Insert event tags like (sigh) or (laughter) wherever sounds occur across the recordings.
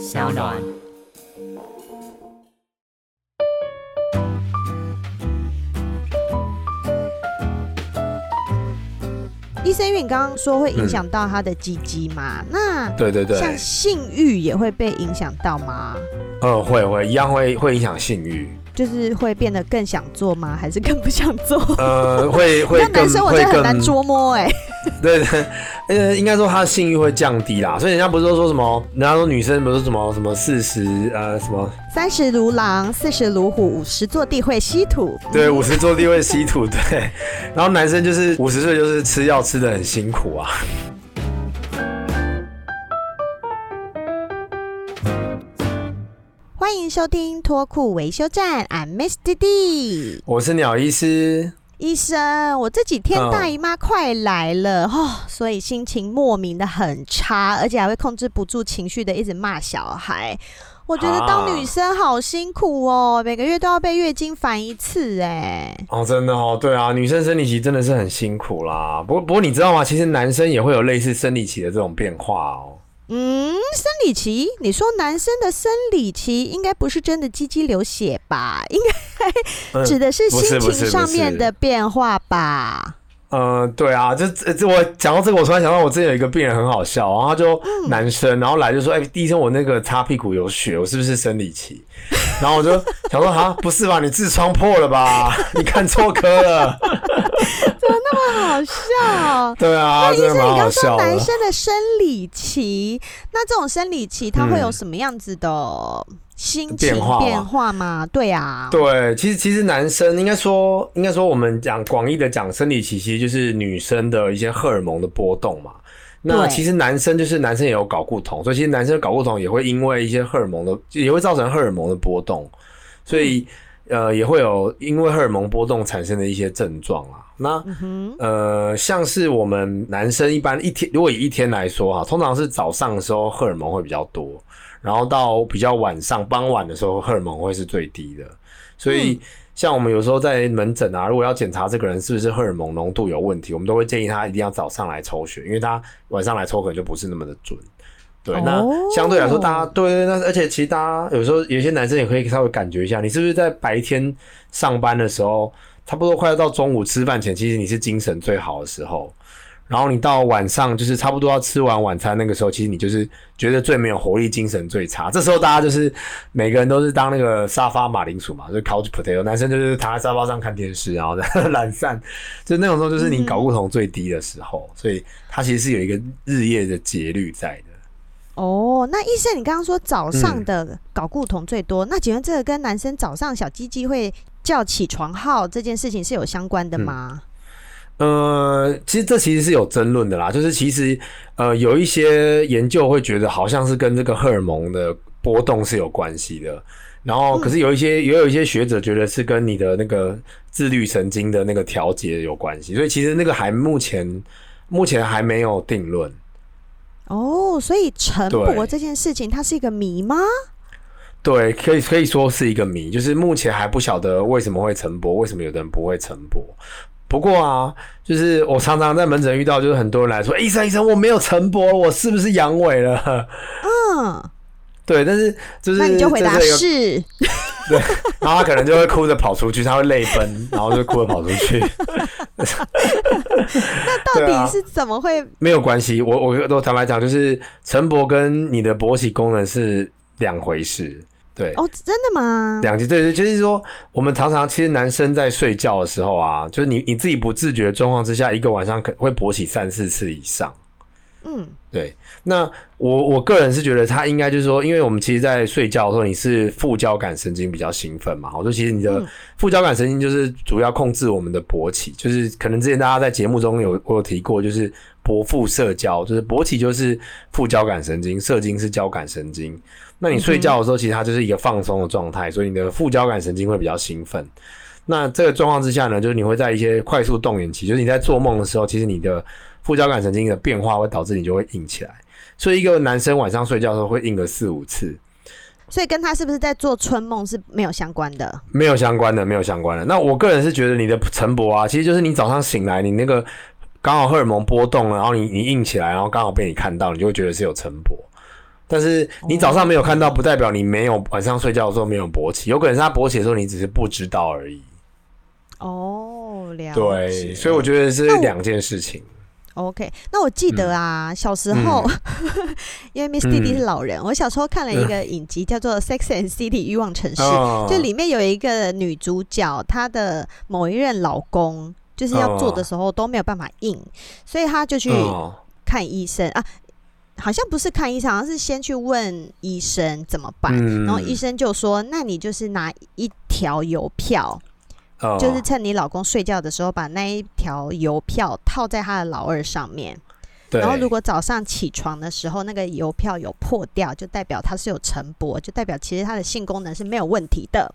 SoundOn 醫生，因為你剛剛說會影響到他的雞雞嘛，那對對對，像性慾也會被影響到嗎？嗯、呃，會會，一樣會會影響性慾，就是會變得更想做嗎？還是更不想做？呃，會會， (laughs) 男生我真的很難捉摸哎。對對，呃，應該說他的性慾會降低啦，所以人家不是都說什麼，人家說女生不是什麼什麼四十呃什麼三十如狼，四十如虎，五十坐地會稀土。對，五十坐地會稀土。對，然後男生就是五十歲就是吃藥吃得很辛苦啊。歡迎收聽脫褲維修站，I Miss d 弟，我是鳥醫師。醫生，我這幾天大姨媽快來了，嗯，哦，所以心情莫名的很差，而且還會控制不住情緒的一直罵小孩。我覺得當女生好辛苦哦，啊，每個月都要被月經煩一次，欸，哎。哦，真的哦，對啊，女生生理期真的是很辛苦啦。不過，不過你知道嗎？其實男生也會有類似生理期的這種變化哦。嗯，生理期？你說男生的生理期應該不是真的雞雞流血吧？應該指的是心情上面的變化吧？嗯，嗯對啊，就這這我講到這個，我突然想到，我之前有一個病人很好笑，然後他就男生，嗯、然後來就說：“哎、欸，醫生，我那個擦屁股有血，我是不是生理期？” (laughs) 然後我就想說哈，不是吧？你痔瘡破了吧？你看錯科了？ (laughs) 怎麼那麼好笑？ (laughs) 對啊，那醫生，真的滿好笑的，你剛剛說男生的生理期，那這種生理期它會有什麼樣子的心情、嗯、變化變化嗎？對啊，對，其實其實男生應該說，應該說我們講廣義的講生理期，其實就是女生的一些荷爾蒙的波動嘛。那其實男生就是男生也有睪固酮，所以其實男生睪固酮也會因為一些荷爾蒙的，也會造成荷爾蒙的波動，所以、嗯、呃也會有因為荷爾蒙波動產生的一些症狀啊。那呃像是我們男生一般一天，如果以一天來說哈、啊，通常是早上的時候荷爾蒙會比較多，然後到比較晚上傍晚的時候荷爾蒙會是最低的，所以，嗯像我們有時候在門診啊，如果要檢查這個人是不是荷爾蒙濃度有問題，我們都會建議他一定要早上來抽血，因為他晚上來抽可能就不是那麼的準。對，那相對來說，大家、哦、對，那而且其他，有時候有些男生也可以稍微感覺一下，你是不是在白天上班的時候，差不多快要到中午吃飯前，其實你是精神最好的時候。然後你到晚上就是差不多要吃完晚餐，那個時候其實你就是覺得最沒有活力，精神最差。這時候大家就是每個人都是當那個沙發馬鈴薯嘛，就是 couch potato。男生就是躺在沙發上看電視，然後懶散。就那種時候，就是你睪固酮最低的時候。嗯、所以他其實是有一個日夜的節律在的。哦、oh，那醫生，你剛剛說早上的睪固酮最多、嗯，那請問這個跟男生早上小雞雞會叫起床號這件事情是有相關的嗎？嗯呃，其實這其實是有爭論的啦，就是其實，呃，有一些研究會覺得好像是跟這個荷爾蒙的波動是有關係的，然後可是有一些、嗯、也有一些學者覺得是跟你的那個自律神經的那個調節有關係，所以其實那個還目前目前還沒有定論。哦，所以晨勃這件事情，它是一個謎嗎？對，可以可以說是一個謎，就是目前還不曉得為什麼會晨勃，為什麼有的人不會晨勃。不過啊，就是我常常在門診遇到，就是很多人來說：“醫生，醫生，我沒有晨勃，我是不是陽痿了？”嗯，對，但是就是那你就回答，是， (laughs) 對，然後他可能就會哭着跑出去， (laughs) 他會淚奔，然後就哭着跑出去。 (laughs) (laughs) (laughs) 那到底是怎麼會？啊、沒有關係，我我我坦白講就是晨勃跟你的勃起功能是兩回事。對哦，真的嗎？兩集對對，就是說我們常常其實男生在睡覺的時候啊，就是你你自己不自覺的狀況之下，一個晚上可能會勃起三四次以上。嗯，對。那我我個人是覺得他應該就是說，因為我們其實，在睡覺的時候你是副交感神經比較興奮嘛，我說其實你的副交感神經就是主要控制我們的勃起，嗯、就是可能之前大家在節目中有我有提過，就是勃副射交，就是勃起就是副交感神經，射精是交感神經。那你睡覺的時候，其實它就是一個放鬆的狀態，嗯，所以你的副交感神經會比較興奮。那這個狀況之下呢，就是你會在一些快速動眼期，就是你在做夢的時候，其實你的副交感神經的變化會導致你就會硬起來。所以一個男生晚上睡覺的時候會硬個四五次，所以跟他是不是在做春夢是沒有相關的，沒有相關的，沒有相關的。那我個人是覺得你的晨勃啊，其實就是你早上醒來，你那個剛好荷爾蒙波動了，然後你你硬起來，然後剛好被你看到，你就會覺得是有晨勃。但是你早上沒有看到，oh. 不代表你沒有晚上睡覺的時候沒有勃起，有可能是他勃起的時候你只是不知道而已。哦、oh，兩，對，所以我覺得是兩件事情。OK，那我記得啊，嗯、小時候、嗯、 (laughs) 因為 Miss 弟弟是老人、嗯，我小時候看了一個影集叫做、嗯《Sex and City》慾望城市，oh. 就裡面有一個女主角，她的某一任老公就是要做的時候都沒有辦法硬，oh. 所以她就去看醫生、oh. 啊。好像不是看醫生，而是先去問醫生怎麼辦。嗯、然後醫生就說：“那你就是拿一條郵票、嗯，就是趁你老公睡覺的時候，把那一條郵票套在他的老二上面。然後如果早上起床的時候，那個郵票有破掉，就代表他是有晨勃，就代表其實他的性功能是沒有問題的。”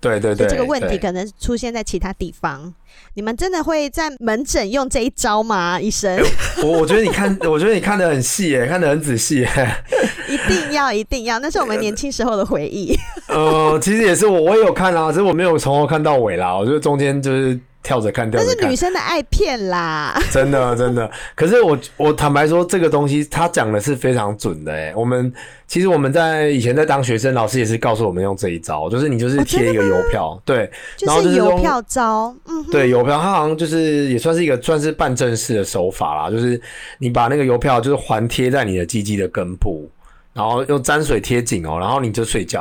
對對對，對，這個問題可能出現在其他地方。你們真的會在門診用這一招嗎？醫生 (laughs) 我？我我覺得你看，我覺得你看的很細，耶， (laughs) 看的很仔細， (laughs) 一定要，一定要！那是我們年輕時候的回憶 (laughs) 。呃，其實也是我，我也有看啦、啊，只是我沒有從頭看到尾啦。我覺得中間就是。跳着看，這是女生的愛片啦，真的真的。 (laughs) 可是我我坦白說，這個東西他講的是非常準的誒。我們其實我們在以前在當學生，老師也是告訴我們用這一招，就是你就是貼一個郵票、哦，對，然後就是郵票、就是郵票招，嗯，對，郵票，它好像就是也算是一個算是半正式的手法啦，就是你把那個郵票就是環貼在你的雞雞的根部，然後用沾水貼緊哦，然後你就睡覺。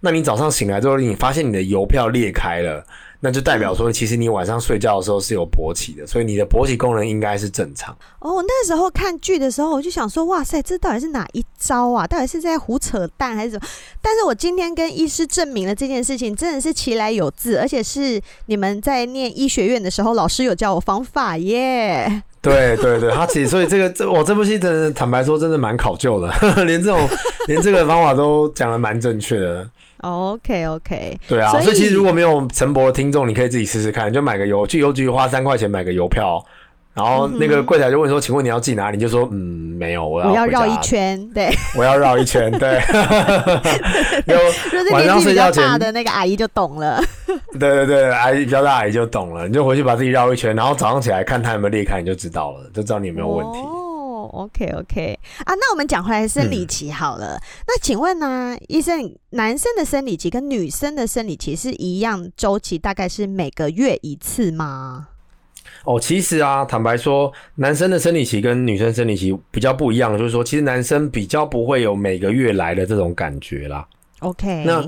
那你早上醒來之後，你發現你的郵票裂開了。那就代表說，其實你晚上睡覺的時候是有勃起的，所以你的勃起功能應該是正常。哦，我那時候看劇的時候，我就想說，哇塞，這到底是哪一招啊？到底是在胡扯淡還是什麼？但是我今天跟醫師證明了這件事情，真的是其來有自，而且是你們在念醫學院的時候，老師有教我方法耶。Yeah! 對對對，哈 (laughs) 其實所以這個這我這部戲真的坦白說，真的蠻考究的， (laughs) 連這種連這個方法都講得蠻正確的。OK OK，對啊所、所以其實如果沒有晨勃的聽眾，你可以自己試試看，就買個郵，去郵局花三塊錢買個郵票，然後那個櫃檯就問說，嗯、請問你要寄哪裡？你就說，嗯，沒有，我要。我要繞一圈，對。我要繞一圈，對。就 (laughs) (laughs) (laughs) (laughs) (laughs) (laughs) (laughs) (laughs) 晚上睡覺前的那個阿姨就懂了。 (laughs) 對，對對對，阿姨比較大，阿姨就懂了。 (laughs) 你就回去把自己繞一圈，然後早上起來看它有沒有裂開，你就知道了，就知道你有沒有問題。哦 OK OK 啊，那我們講回來的生理期好了。嗯，那請問呢，啊，醫生，男生的生理期跟女生的生理期是一樣？週期大概是每個月一次嗎？哦，其實啊，坦白說，男生的生理期跟女生生理期比較不一樣，就是說，其實男生比較不會有每個月來的這種感覺啦。OK，那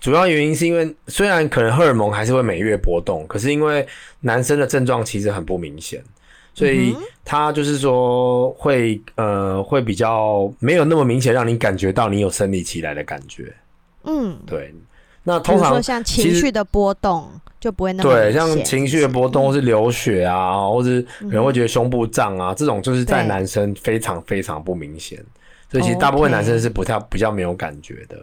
主要原因是因為雖然可能荷爾蒙還是會每月波動，可是因為男生的症狀其實很不明顯。所以他就是說會呃，會比較沒有那麼明顯，讓你感覺到你有生理期來的感覺。嗯，對。那通常說像情緒的波動就不會那麼明顯，對，像情緒的波動或是流血啊，或是可能會覺得胸部脹啊、嗯，這種就是在男生非常非常不明顯。所以其實大部分男生是不太、okay. 比較沒有感覺的。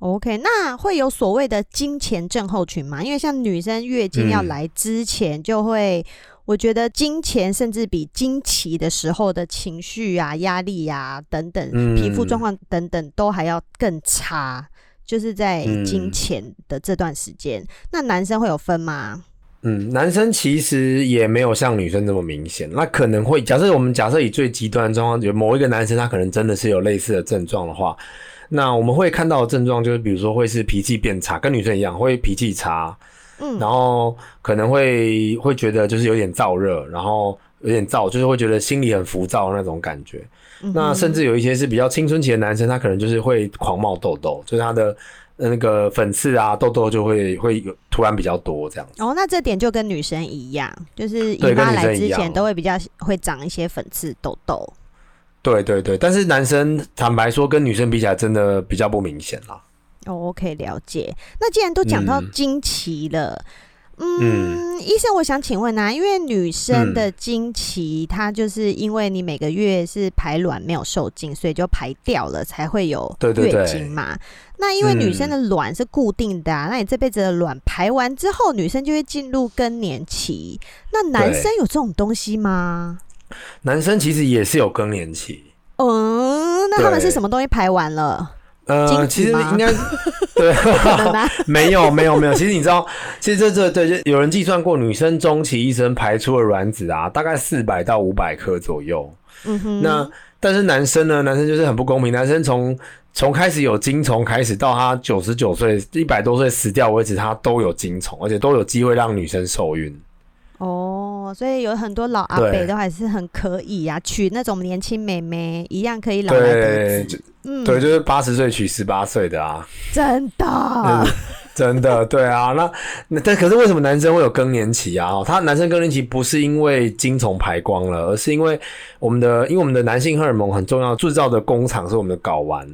OK，那會有所謂的經前症候群嗎？因為像女生月經要來之前就會、嗯。我覺得經前，甚至比經期的時候的情緒啊、壓力呀、啊、等等、嗯、皮膚狀況等等都還要更差。就是在經前的這段時間、嗯，那男生會有分嗎？嗯，男生其實也沒有像女生這麼明顯。那可能會假設，我們假設以最極端的狀況，有某一個男生他可能真的是有類似的症狀的話。那我們會看到的症狀就是，比如說會是脾氣變差，跟女生一樣會脾氣差，嗯，然後可能會會覺得就是有點燥熱，然後有點燥，就是會覺得心裡很浮躁那種感覺。嗯。那甚至有一些是比較青春期的男生，他可能就是會狂冒痘痘，就是他的那個粉刺啊、痘痘就會會有突然比較多這樣子。哦，那這點就跟女生一樣，就是姨媽來之前都會比較會長一些粉刺痘痘。對對對，但是男生坦白說，跟女生比起來，真的比較不明顯了。Oh, OK，了解。那既然都講到經期了，嗯，嗯嗯醫生，我想請問啊，因為女生的經期，她、嗯、就是因為你每個月是排卵沒有受精，所以就排掉了，才會有月經嘛。對對對。那因為女生的卵是固定的、啊嗯，那你這輩子的卵排完之後，女生就會進入更年期。那男生有這種東西嗎？男生其實也是有更年期，嗯，那他們是什麼東西排完了？呃，其實應該 (laughs) 對 (laughs) 沒，沒有沒有沒有，其實你知道， (laughs) 其實這這對就有人計算過，女生終其一生排出的卵子啊，大概四百到五百顆左右。嗯哼，那但是男生呢？男生就是很不公平，男生從從開始有精蟲開始，到他九十九歲一百多歲死掉為止，他都有精蟲，而且都有機會讓女生受孕。哦。哦、所以有很多老阿伯都還是很可以呀、啊，娶那種年輕美眉一樣可以老來得子。嗯，對，就是八十歲娶十八歲的啊，真的， (laughs) 真的，對啊。那那但可是為什麼男生會有更年期啊？他男生更年期不是因為精蟲排光了，而是因為我們的因為我們的男性荷爾蒙很重要，製造的工廠是我們的睾丸。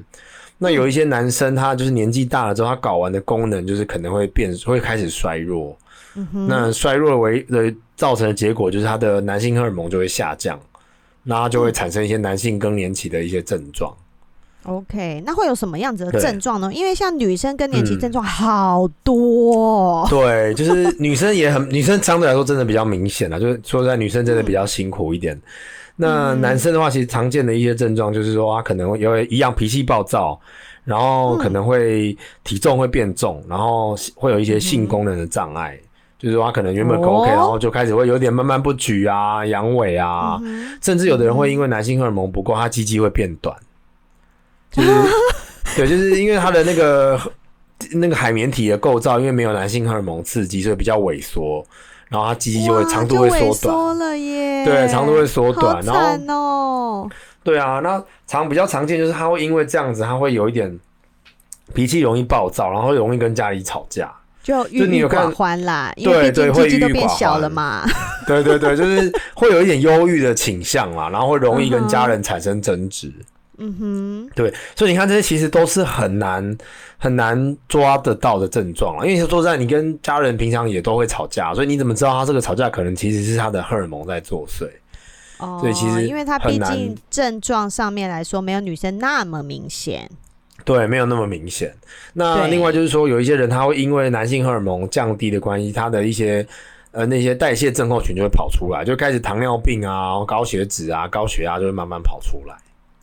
那有一些男生他就是年紀大了之後，他睾丸的功能就是可能會變，會開始衰弱。嗯、哼，那衰弱為的造成的結果就是他的男性荷爾蒙就會下降，那他就會產生一些男性更年期的一些症狀。OK，那會有什麼樣子的症狀呢？因為像女生更年期症狀好多。哦，對，就是女生也很 (laughs) 女生相對來說真的比較明顯了，就是說在女生真的比較辛苦一點。嗯、那男生的話，其實常見的一些症狀就是說他、啊、可能會一樣脾氣暴躁，然後可能會體重會變重，然後會有一些性功能的障礙。嗯就是說他可能原本 OK，然後就開始會有點慢慢不舉啊、陽、哦、痿啊、嗯，甚至有的人會因為男性荷爾蒙不夠，他雞雞會變短。就是 (laughs) 對，就是因為他的那個 (laughs) 那個海綿體的構造，因為沒有男性荷爾蒙刺激，所以比較萎縮，然後他雞雞就會長度會縮短了耶，對，長度會縮短，哦、然後對啊，那常比較常見就是他會因為這樣子，他會有一點脾氣容易暴躁，然後會容易跟家裡吵架。就鬱鬱寡歡啦你，因為畢竟經都變小了嘛。對對對，就是會有一點憂鬱的傾向啦， (laughs) 然後會容易跟家人產生爭執。嗯哼，對，所以你看這些其實都是很難很難抓得到的症狀啦，因為說實在，你跟家人平常也都會吵架，所以你怎麼知道他這個吵架可能其實是他的荷爾蒙在作祟？哦，所以其實、哦、因為他畢竟症狀上面來說，沒有女生那麼明顯。對，沒有那麼明顯。那另外就是說，有一些人他會因為男性荷爾蒙降低的關係，他的一些呃那些代謝症候群就會跑出來，就開始糖尿病啊、高血脂啊、高血壓就會慢慢跑出來。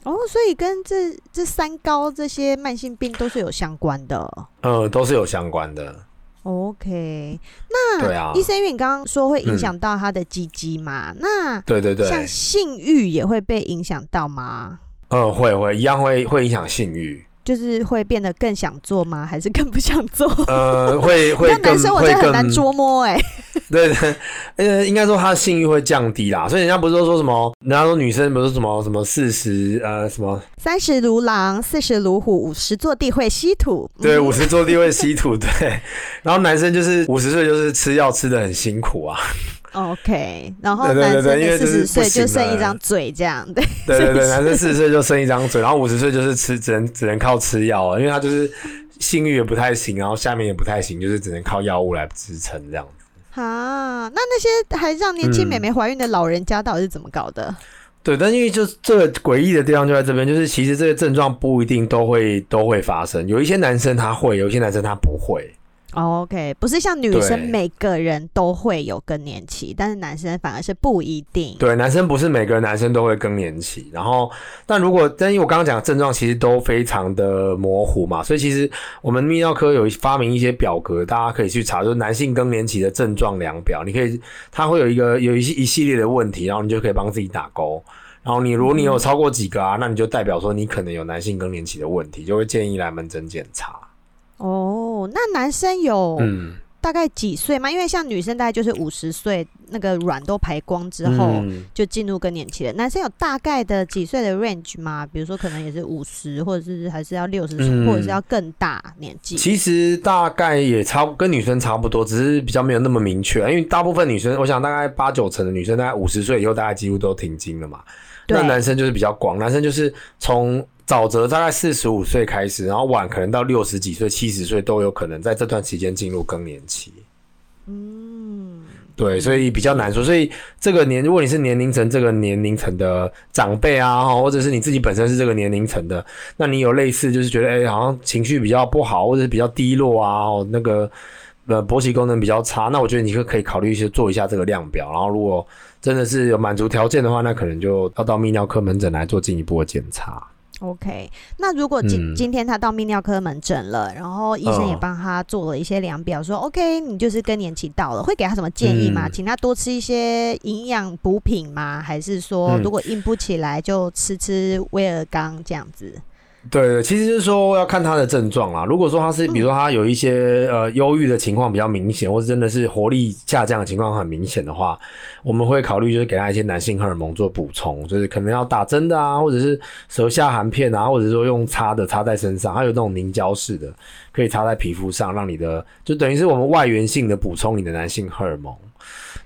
哦，所以跟這這三高這些慢性病都是有相關的。呃，都是有相關的。OK，那對啊，醫生，因為你剛剛說會影響到他的雞雞嘛，那對對對，像性慾也會被影響到嗎？呃，會會，一樣會會影響性慾。就是會變得更想做嗎？還是更不想做？呃，會會更。但男生我覺得很難捉摸哎、欸。對，對對，應該說他的性欲會降低啦。所以人家不是都說什麼？人家說女生不是什麼什麼四十呃什麼三十如狼，四十如虎，五十坐地會吸土。對，五十坐地會吸土。 (laughs) 對，然後男生就是五十歲就是吃藥吃得很辛苦啊。OK，然後男生四十歲就剩一張嘴這樣的，對對對， (laughs) 男生四十歲就剩一張嘴，然後五十歲就是吃，只能只能靠吃藥了，因為他就是性慾也不太行，然後下面也不太行，就是只能靠藥物來支撐這樣子。啊，那那些還讓年輕妹妹懷孕的老人家到底是怎麼搞的？嗯、對，但因為就是這個詭異的地方就在這邊，就是其實這些症狀不一定都會都會發生，有一些男生他會，有一些男生他不會。Oh, OK，不是像女生每個人都會有更年期，但是男生反而是不一定。對，男生不是每個男生都會更年期。然後，但如果，但因為我剛剛講的症狀其實都非常的模糊嘛，所以其實我們泌尿科有發明一些表格，大家可以去查，就是男性更年期的症狀量表。你可以，它會有一個有一系一系列的問題，然後你就可以幫自己打勾。然後你如果你有超過幾個啊、嗯，那你就代表說你可能有男性更年期的問題，就會建議來門診檢查。哦、oh，那男生有大概幾歲嗎、嗯？因為像女生大概就是五十歲那個卵都排光之後、嗯、就進入更年期了。男生有大概的幾歲的 range 嗎？比如說可能也是五十，或者是還是要六十歲、嗯，或者是要更大年紀？其實大概也差不多跟女生差不多，只是比較沒有那麼明確，因為大部分女生，我想大概八九成的女生大概五十歲以後大概幾乎都停經了嘛。那男生就是比較廣，男生就是從。早則大概四十五歲開始，然後晚可能到六十幾歲、七十歲都有可能，在這段時間進入更年期。嗯，對，所以比較難說。所以這個年，如果你是年齡層這個年齡層的長輩啊，或者是你自己本身是這個年齡層的，那你有類似就是覺得哎、欸，好像情緒比較不好，或者是比較低落啊，那個呃勃起功能比較差，那我覺得你可可以考慮一些做一下這個量表。然後如果真的是有滿足條件的話，那可能就要到泌尿科門診來做進一步的檢查。OK，那如果今、嗯、今天他到泌尿科門診了，然後醫生也幫他做了一些量表，oh. 說 OK，你就是更年期到了，會給他什麼建議嗎？嗯、請他多吃一些營養補品嗎？還是說如果硬不起來就吃吃威而鋼這樣子？對對，其實是說要看他的症狀啦。如果說他是，比如說他有一些呃憂鬱的情況比較明顯，或者真的是活力下降的情況很明顯的話，我們會考慮就是給他一些男性荷爾蒙做補充，就是可能要打針的啊，或者是舌下含片啊，或者說用擦的擦在身上，還有那種凝膠式的可以擦在皮膚上，讓你的就等於是我們外源性的補充你的男性荷爾蒙。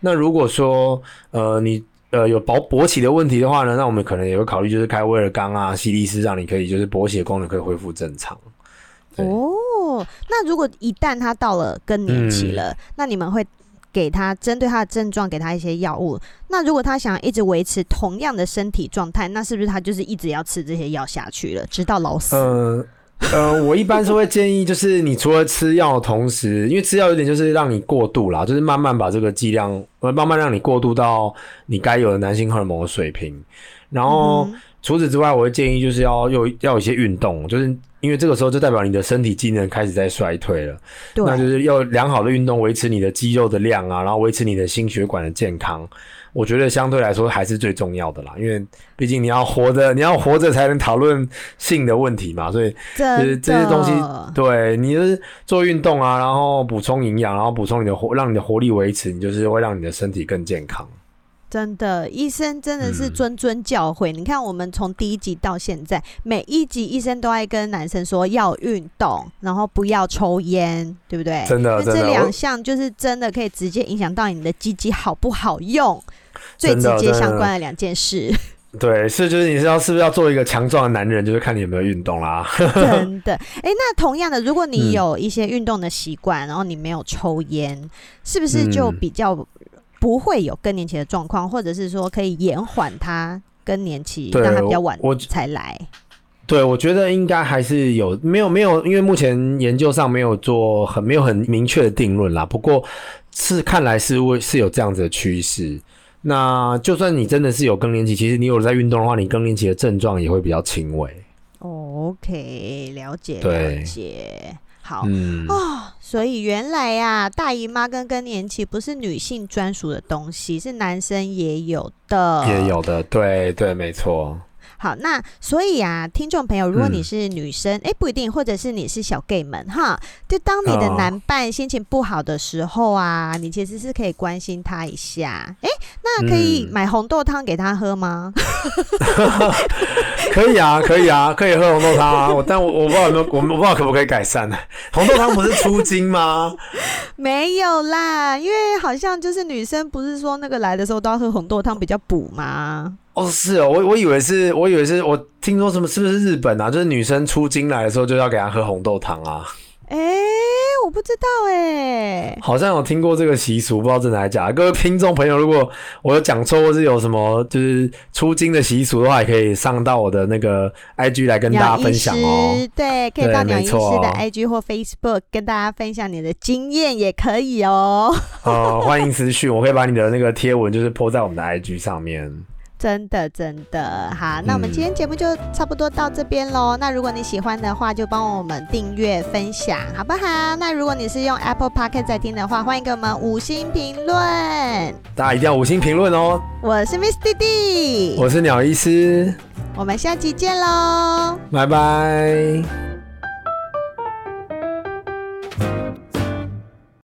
那如果說呃你。呃，有薄勃起的問題的話呢，那我們可能也會考慮就是開威而鋼啊、犀利士，讓你可以就是勃起的功能可以恢復正常。哦，那如果一旦他到了更年期了，嗯，那你們會給他針對他的症狀給他一些藥物。那如果他想要一直維持同樣的身體狀態，那是不是他就是一直要吃這些藥下去了，直到老死？呃 (laughs) 呃，我一般是會建議，就是你除了吃藥的同時，因為吃藥有點就是讓你過度啦，就是慢慢把這個劑量，慢慢讓你過渡到你該有的男性荷爾蒙的水平。然後、嗯、除此之外，我會建議就是要有要有一些運動，就是因為這個時候就代表你的身體機能開始在衰退了，對，那就是要良好的運動維持你的肌肉的量啊，然後維持你的心血管的健康。我覺得相對來說還是最重要的啦，因為畢竟你要活着，你要活着才能討論性的問題嘛。所以，這這些東西，對你就是做運動啊，然後補充營養，然後補充你的活，讓你的活力維持，你就是會讓你的身體更健康。真的，醫生真的是諄諄教誨，嗯。你看，我們從第一集到現在，每一集醫生都愛跟男生說要運動，然後不要抽煙，對不對？真的，真的，這兩項就是真的可以直接影響到你的雞雞好不好用。最直接相關的兩件事，對，是就是你知道是不是要做一個強壯的男人，就是看你有沒有運動啦。 (laughs) 真的、欸，那同樣的，如果你有一些運動的習慣、嗯，然後你沒有抽煙，是不是就比較不會有更年期的狀況、嗯，或者是說可以延緩他更年期，讓他比較晚才來？對，我覺得應該還是有，沒有沒有，因為目前研究上沒有做很沒有很明確的定論啦。不過是看來是會是有這樣子的趨勢。那就算你真的是有更年期，其實你有在運動的話，你更年期的症狀也會比較輕微。OK，了解，對，了解。好，嗯，哦，所以原來呀，啊，大姨媽跟更年期不是女性專屬的東西，是男生也有的，也有的。對對，沒錯。好，那所以啊，聽眾朋友，如果你是女生，哎、嗯，欸，不一定，或者是你是小 gay 們哈，就當你的男伴心情不好的時候啊，哦、你其實是可以關心他一下。哎、欸，那可以買紅豆湯給他喝嗎？嗯、 (laughs) 可以啊，可以啊，可以喝紅豆湯啊。但 (laughs) 我我不知道有沒有我們不知道可不可以改善呢？紅豆湯不是出金嗎？ (laughs) 沒有啦，因為好像就是女生不是說那個來的時候都要喝紅豆湯比較補嗎？哦，是哦，我我以為是，我以為是我聽說什麼，是不是日本啊？就是女生初經來的時候，就要給她喝紅豆湯啊？誒、欸、我不知道誒、欸、好像有聽過這個習俗，不知道真的還假的。各位聽眾朋友，如果我有講錯或是有什麼就是初經的習俗的話，也可以上到我的那個 I G 來跟大家分享哦。對，可以到鳥醫師的 I G 或 Facebook、哦、跟大家分享你的經驗也可以哦。哦，歡迎私訊， (laughs) 我可以把你的那個貼文就是 PO 在我們的 I G 上面。真的，真的，真的好，那我們今天節目就差不多到這邊嘍。嗯。那如果你喜歡的話，就幫我們訂閱、分享，好不好？那如果你是用 Apple Podcast 在聽的話，歡迎給我們五星評論。大家一定要五星評論哦！我是 Miss 弟弟，我是鳥醫師，我們下期見嘍，拜拜。